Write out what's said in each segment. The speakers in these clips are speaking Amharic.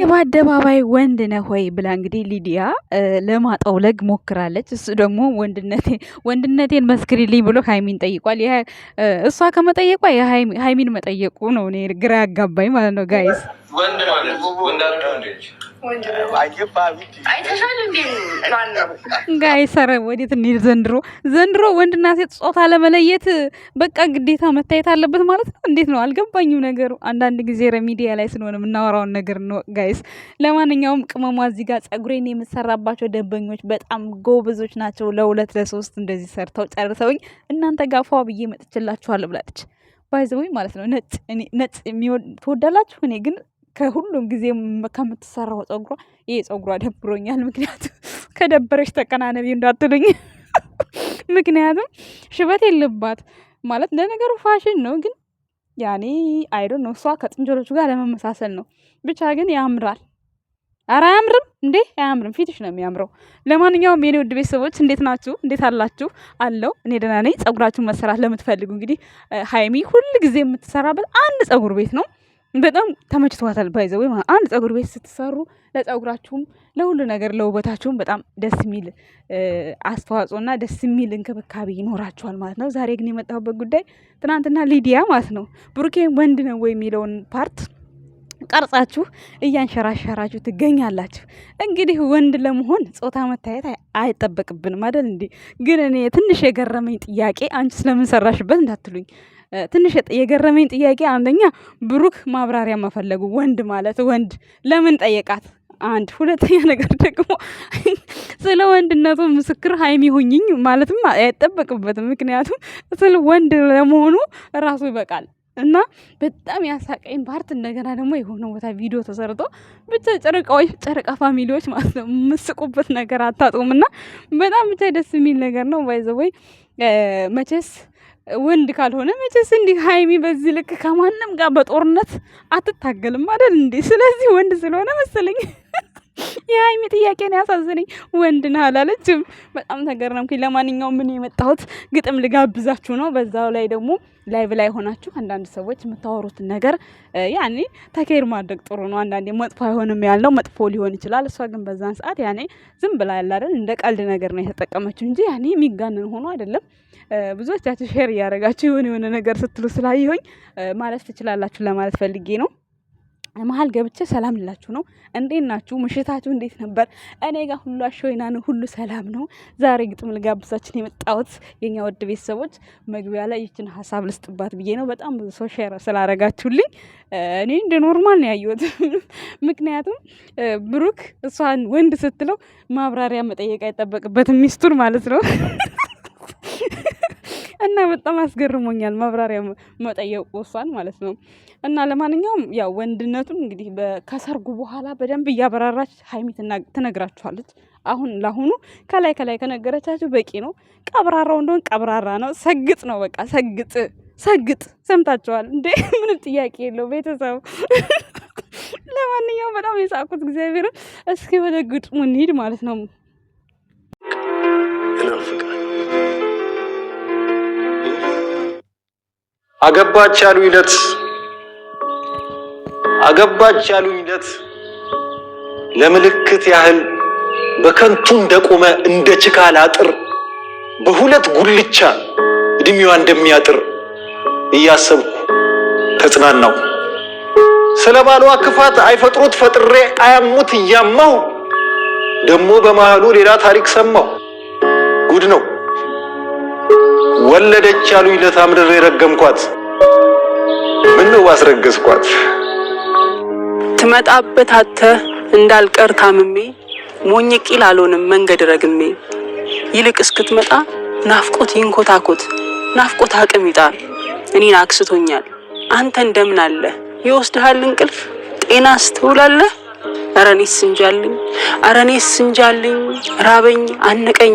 የማደባባይ ወንድ ነህ ሆይ ብላ እንግዲህ ሊዲያ ለማጠውለግ ሞክራለች። እሱ ደግሞ ወንድነቴን መስክሪልኝ ብሎ ሀይሚን ጠይቋል። እሷ ከመጠየቋ ሀይሚን መጠየቁ ነው እኔ ግራ ያጋባኝ ማለት ነው ጋይስ ሰረ ወዴት እንሂድ? ዘንድሮ ዘንድሮ ወንድና ሴት ጾታ ለመለየት በቃ ግዴታ መታየት አለበት ማለት ነው። እንዴት ነው አልገባኝም ነገሩ። አንዳንድ ጊዜ ረሚዲያ ላይ ስለሆነ የምናወራውን ነገር ነው ጋይስ። ለማንኛውም ቅመሟ እዚህ ጋር ጸጉሬን የምሰራባቸው ደንበኞች በጣም ጎበዞች ናቸው። ለሁለት ለሶስት እንደዚህ ሰርተው ጨርሰውኝ እናንተ ጋፏ ብዬ መጥችላችኋል ብላለች። ባይዘወይ ማለት ነው ነጭ ነጭ ትወዳላችሁ። እኔ ግን ከሁሉም ጊዜ ከምትሰራው ፀጉሯ ይሄ ፀጉሯ ደብሮኛል። ምክንያቱም ከደበረች ተቀናነቢ እንዳትሉኝ፣ ምክንያቱም ሽበት የለባት ማለት ለነገሩ ፋሽን ነው ግን ያኔ አይዶ ነው እሷ ከጥንጀሎቹ ጋር ለመመሳሰል ነው ብቻ ግን ያምራል። አረ አያምርም እንዴ? አያምርም። ፊትሽ ነው የሚያምረው። ለማንኛውም የኔ ውድ ቤተሰቦች እንዴት ናችሁ? እንዴት አላችሁ? አለው እኔ ደህና ነኝ። ፀጉራችሁን መሰራት ለምትፈልጉ እንግዲህ ሀይሚ ሁል ጊዜ የምትሰራበት አንድ ፀጉር ቤት ነው። በጣም ተመችቷታል። ወይ አንድ ፀጉር ቤት ስትሰሩ ለጸጉራችሁም፣ ለሁሉ ነገር ለውበታችሁም በጣም ደስ የሚል አስተዋጽኦና ደስ የሚል እንክብካቤ ይኖራችኋል ማለት ነው። ዛሬ ግን የመጣሁበት ጉዳይ ትናንትና ሊዲያ ማለት ነው ብሩኬ ወንድ ነው ወይ የሚለውን ፓርት ቀርጻችሁ እያንሸራሸራችሁ ትገኛላችሁ። እንግዲህ ወንድ ለመሆን ጾታ መታየት አይጠበቅብንም አይደል እንዴ? ግን እኔ ትንሽ የገረመኝ ጥያቄ አንቺ ስለምንሰራሽበት እንዳትሉኝ ትንሽ የገረመኝ ጥያቄ አንደኛ ብሩክ ማብራሪያ መፈለጉ ወንድ ማለት ወንድ ለምን ጠየቃት? አንድ ሁለተኛ ነገር ደግሞ ስለ ወንድነቱ ምስክር ሀይሚ ሁኝኝ ማለትም አይጠበቅበትም። ምክንያቱም ስለ ወንድ ለመሆኑ ራሱ ይበቃል። እና በጣም ያሳቀኝ ፓርት እንደገና ደግሞ የሆነ ቦታ ቪዲዮ ተሰርቶ ብቻ ጨረቃዎች ጨረቃ ፋሚሊዎች ማለት ነው የምስቁበት ነገር አታጡም። እና በጣም ብቻ ደስ የሚል ነገር ነው ባይዘወይ መቼስ ወንድ ካልሆነ መቼስ እንዲህ ሀይሚ በዚህ ልክ ከማንም ጋር በጦርነት አትታገልም አይደል እንዴ? ስለዚህ ወንድ ስለሆነ መሰለኝ የሀይሚ ጥያቄ ነው ያሳዝነኝ። ወንድ ነህ አላለችም። በጣም ተገረምኩኝ። ለማንኛውም ምን የመጣሁት ግጥም ልጋብዛችሁ ነው። በዛው ላይ ደግሞ ላይቭ ላይ ሆናችሁ አንዳንድ ሰዎች የምታወሩት ነገር ያኔ ተካሄድ ማድረግ ጥሩ ነው። አንዳንዴ መጥፎ አይሆንም ያልነው መጥፎ ሊሆን ይችላል። እሷ ግን በዛን ሰዓት ያኔ ዝም ብላ ያላደል እንደ ቀልድ ነገር ነው የተጠቀመችው እንጂ ያኔ የሚጋንን ሆኖ አይደለም። ብዙዎቻችሁ ሼር እያደረጋችሁ የሆነ የሆነ ነገር ስትሉ ስላየሆኝ ማለት ትችላላችሁ ለማለት ፈልጌ ነው። መሀል ገብቼ ሰላም ልላችሁ ነው። እንዴት ናችሁ? ምሽታችሁ እንዴት ነበር? እኔ ጋር ሁሉ አሸወይና ነው፣ ሁሉ ሰላም ነው። ዛሬ ግጥም ልጋብዛችን የመጣሁት የኛ ወድ ቤተሰቦች፣ መግቢያ ላይ ይችን ሀሳብ ልስጥባት ብዬ ነው። በጣም ብዙ ሰው ሼር ስላረጋችሁልኝ እኔ እንደ ኖርማል ነው ያየሁት። ምክንያቱም ብሩክ እሷን ወንድ ስትለው ማብራሪያ መጠየቅ አይጠበቅበትም ሚስቱን ማለት ነው። እና በጣም አስገርሞኛል ማብራሪያ መጠየቁ እሷን ማለት ነው። እና ለማንኛውም ያው ወንድነቱን እንግዲህ ከሰርጉ በኋላ በደንብ እያበራራች ሀይሚ ትነግራችኋለች። አሁን ለአሁኑ ከላይ ከላይ ከነገረቻችሁ በቂ ነው። ቀብራራው እንደሆን ቀብራራ ነው፣ ሰግጥ ነው በቃ ሰግጥ ሰግጥ ሰምታችኋል እንዴ? ምንም ጥያቄ የለው ቤተሰብ። ለማንኛውም በጣም የሳቁት እግዚአብሔርን። እስኪ ወደ ግጥሙ እንሂድ ማለት ነው። አገባች ያሉኝ ዕለት አገባች ያሉኝ ዕለት ለምልክት ያህል በከንቱ እንደቆመ እንደ ችካል አጥር በሁለት ጉልቻ እድሜዋ እንደሚያጥር እያሰብኩ ተጽናናው። ስለ ባሏ ክፋት አይፈጥሩት ፈጥሬ አያሙት እያማው ደግሞ በመሃሉ ሌላ ታሪክ ሰማው። ጉድ ነው። ወለደች ያሉ ይለታ ምድር የረገምኳት ምን ነው ባስረገዝኳት ትመጣበት አተ እንዳልቀር ታምሜ ሞኝ ቂል አልሆንም መንገድ ረግሜ ይልቅ እስክትመጣ ናፍቆት ይንኮታኮት ናፍቆት አቅም ይጣል እኔን አክስቶኛል አንተ እንደምን አለ ይወስድሃል እንቅልፍ ጤናስ ትውላለህ አረኔስ እንጃልኝ አረኔስ እንጃልኝ ራበኝ አነቀኝ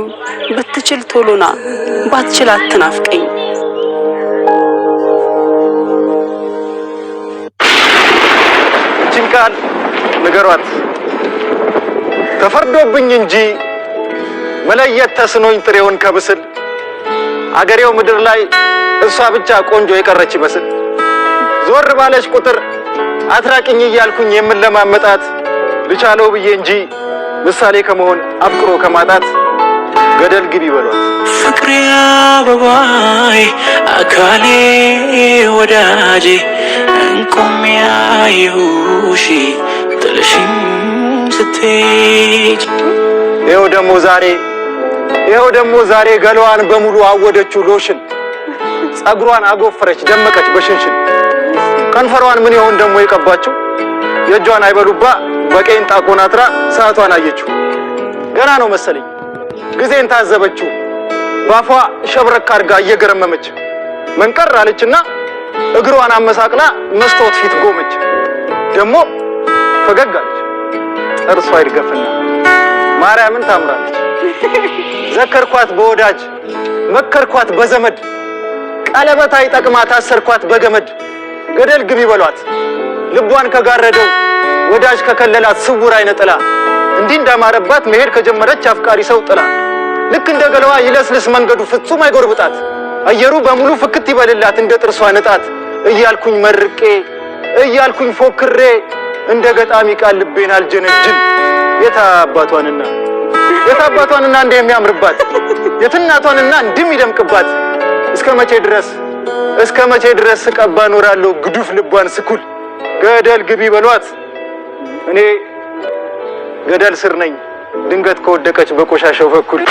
ብትችል ቶሎና ባትችል አትናፍቀኝ። እችን ቃል ንገሯት ተፈርዶብኝ እንጂ መለየት ተስኖኝ ጥሬውን ከብስል አገሬው ምድር ላይ እሷ ብቻ ቆንጆ የቀረች ይመስል ዞር ባለች ቁጥር አትራቅኝ እያልኩኝ የምለማመጣት ልቻለው ብዬ እንጂ ምሳሌ ከመሆን አፍቅሮ ከማጣት ገደል ግቢ በሏት። ፍቅሬ አበባዬ፣ አካሌ፣ ወዳጄ እንቁም ያየሁሽ ጥልሽም ስትሄጂ ይኸው ደግሞ ዛሬ ይኸው ደግሞ ዛሬ ገላዋን በሙሉ አወደችው ሎሽን፣ ጸጉሯን አጎፈረች ደመቀች በሽንሽን። ከንፈሯን ምን ይሆን ደግሞ የቀባችው የእጇን አይበሉባ በቄንጣ አቆናጥራ ሰዓቷን አየችው። ገና ነው መሰለኝ ጊዜን ታዘበችው። ባፏ ሸብረክ አድርጋ እየገረመመች መንቀር አለችና እግሯን አመሳቅላ መስታወት ፊት ጎመች። ደግሞ ፈገግ አለች። ጥርሷ ይድገፍና ማርያምን ታምራለች። ዘከርኳት በወዳጅ መከርኳት በዘመድ ቀለበት አይጠቅማት ታሰርኳት በገመድ ገደል ግቢ በሏት ልቧን ከጋረደው ወዳጅ ከከለላት ስውር አይነ ጥላ እንዲህ እንዳማረባት መሄድ ከጀመረች አፍቃሪ ሰው ጥላ ልክ እንደ ገለዋ ይለስልስ መንገዱ ፍጹም አይጎርብጣት አየሩ በሙሉ ፍክት ይበልላት እንደ ጥርሷ ንጣት እያልኩኝ መርቄ እያልኩኝ ፎክሬ እንደ ገጣሚ ቃል ልቤን አልጀነጅን የታ አባቷንና የታ አባቷንና እንደ የሚያምርባት የትናቷንና ይደምቅባት እስከ መቼ ድረስ እስከ መቼ ድረስ ቀባ ኖራለሁ ግዱፍ ልቧን ስኩል ገደል ግቢ በሏት እኔ ገደል ስር ነኝ ድንገት ከወደቀች በቆሻሻው በኩል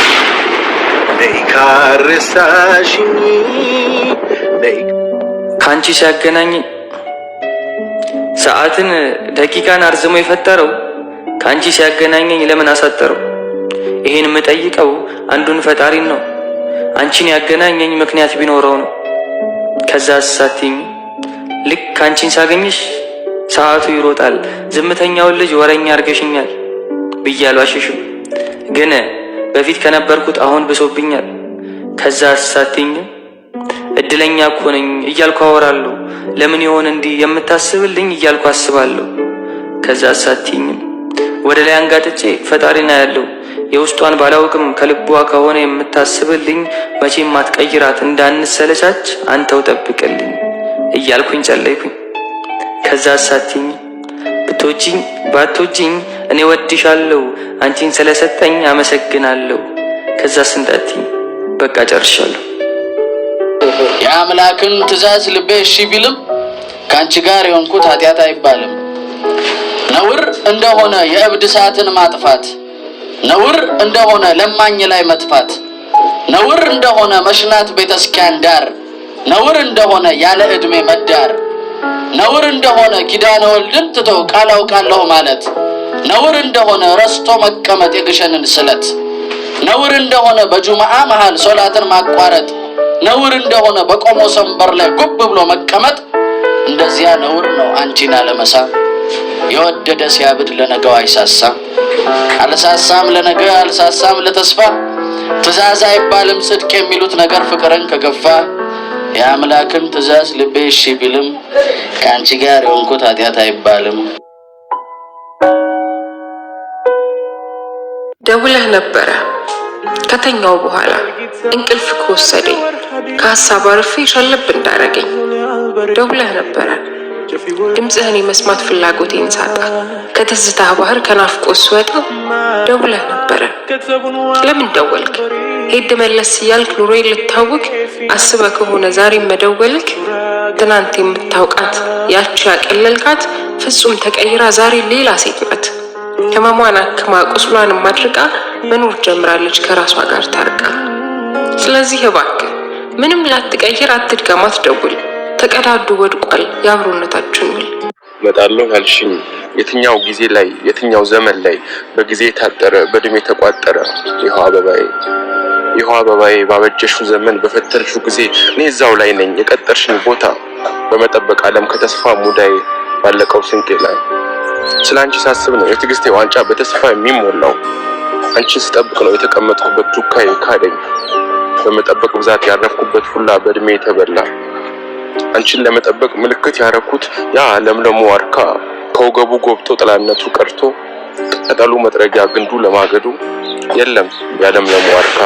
ከአንቺ ሲያገናኝ ሰዓትን ደቂቃን አርዝሞ የፈጠረው ከአንቺ ሲያገናኘኝ ለምን አሳጠረው? ይሄን የምጠይቀው አንዱን ፈጣሪን ነው። አንቺን ያገናኘኝ ምክንያት ቢኖረው ነው። ከዛ አሳቲኝ ልክ አንቺን ሳገኝሽ ሰዓቱ ይሮጣል። ዝምተኛውን ልጅ ወረኛ አድርገሽኛል ብዬ አልዋሸሽም፣ ግን በፊት ከነበርኩት አሁን ብሶብኛል። ከዛ አሳቴኝ እድለኛ እኮ ነኝ እያልኩ አወራለሁ። ለምን ይሆን እንዲህ የምታስብልኝ እያልኩ አስባለሁ። ከዛ አሳቴኝም ወደ ላይ አንጋጥጬ ፈጣሪና ያለው የውስጧን ባላውቅም ከልቧ ከሆነ የምታስብልኝ መቼም አትቀይራት፣ እንዳንሰለቻች አንተው ጠብቅልኝ እያልኩኝ ጸለይኩኝ። ከዛ አሳትኝ ብቶጂኝ ባቶጂኝ እኔ ወድሻለሁ አንቺን ስለሰጠኝ አመሰግናለሁ። ከዛ ስንጣትኝ በቃ ጨርሻለሁ። የአምላክን ትእዛዝ ልቤ እሺ ቢልም ከአንቺ ጋር የሆንኩት ኃጢአት አይባልም። ነውር እንደሆነ የእብድ ሰዓትን ማጥፋት፣ ነውር እንደሆነ ለማኝ ላይ መጥፋት፣ ነውር እንደሆነ መሽናት ቤተስኪያን ዳር፣ ነውር እንደሆነ ያለ ዕድሜ መዳር ነውር እንደሆነ ኪዳነ ወልድን ትተው ቃል አውቃለሁ ማለት ነውር እንደሆነ ረስቶ መቀመጥ የግሸንን ስለት ነውር እንደሆነ በጁማዓ መሃል ሶላትን ማቋረጥ ነውር እንደሆነ በቆሞ ሰንበር ላይ ጉብ ብሎ መቀመጥ እንደዚያ ነውር ነው። አንቺን አለመሳም የወደደ ሲያብድ ለነገው አይሳሳም። አልሳሳም ለነገ አልሳሳም ለተስፋ ትእዛዝ አይባልም ጽድቅ የሚሉት ነገር ፍቅርን ከገፋ የአምላክን ትእዛዝ ልቤ እሺ ቢልም ከአንቺ ጋር የሆንኩት ኃጢአት አይባልም። ደውለህ ነበረ። ከተኛው በኋላ እንቅልፍ ከወሰደኝ ከሀሳብ አርፌ ሸለብ እንዳረገኝ ደውለህ ነበረ። ድምፅህን የመስማት ፍላጎቴን ሳጣ ከትዝታ ባህር ከናፍቆት ስወጣ ደውለህ ነበረ። ለምን ደወልክ? ሄድ መለስ እያልክ ኑሮ ልታውቅ አስበ ከሆነ ዛሬ መደወልክ ትናንት የምታውቃት ያቺ ያቀለልካት ፍጹም ተቀይራ ዛሬ ሌላ ሴት ናት። ህመሟን አክማ ቁስሏን ማድርቃ መኖር ጀምራለች ከራሷ ጋር ታርቃ። ስለዚህ እባክህ ምንም ላትቀይር አትድገም፣ አትደውል ተቀዳዱ ወድቋል የአብሮነታችን ውል። እመጣለሁ ያልሽኝ የትኛው ጊዜ ላይ የትኛው ዘመን ላይ በጊዜ የታጠረ በእድሜ የተቋጠረ ይኸው አበባዬ ይኸው አበባዬ ባበጀሽው ዘመን በፈተርሽው ጊዜ እኔ እዛው ላይ ነኝ የቀጠርሽኝ ቦታ በመጠበቅ ዓለም ከተስፋ ሙዳይ ባለቀው ስንቄ ላይ ስለ አንቺ ሳስብ ነው የትዕግስቴ ዋንጫ በተስፋ የሚሞላው አንቺን ስጠብቅ ነው የተቀመጥኩበት ዱካዬ ካደኝ በመጠበቅ ብዛት ያረፍኩበት ሁላ በእድሜ የተበላ አንቺን ለመጠበቅ ምልክት ያረኩት ያ ለምለሙ ዋርካ ከወገቡ ጎብቶ ጥላነቱ ቀርቶ ቅጠሉ መጥረጊያ ግንዱ ለማገዱ የለም ያለምለሙ ዋርካ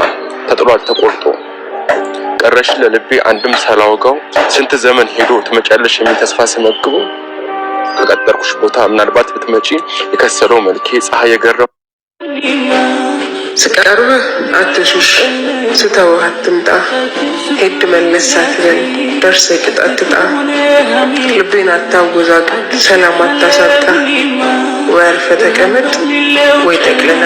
ተጥሏል ተቆርጦ ቀረሽ ለልቤ አንድም ሳላወጋው ስንት ዘመን ሄዶ ትመጫለሽ የሚል ተስፋ ስመግቡ ከቀጠርኩሽ ቦታ ምናልባት ብትመጪ የከሰለው መልኬ ፀሐይ የገረው ስቀርብ አትሽሽ ስተው አትምጣ ሄድ መለስ ሳትለን ደርሰ ቅጣትጣ ትጣ ልቤን አታወዛቅ ሰላም አታሳጣ ወርፈ ተቀመጥ ወይ ጠቅለና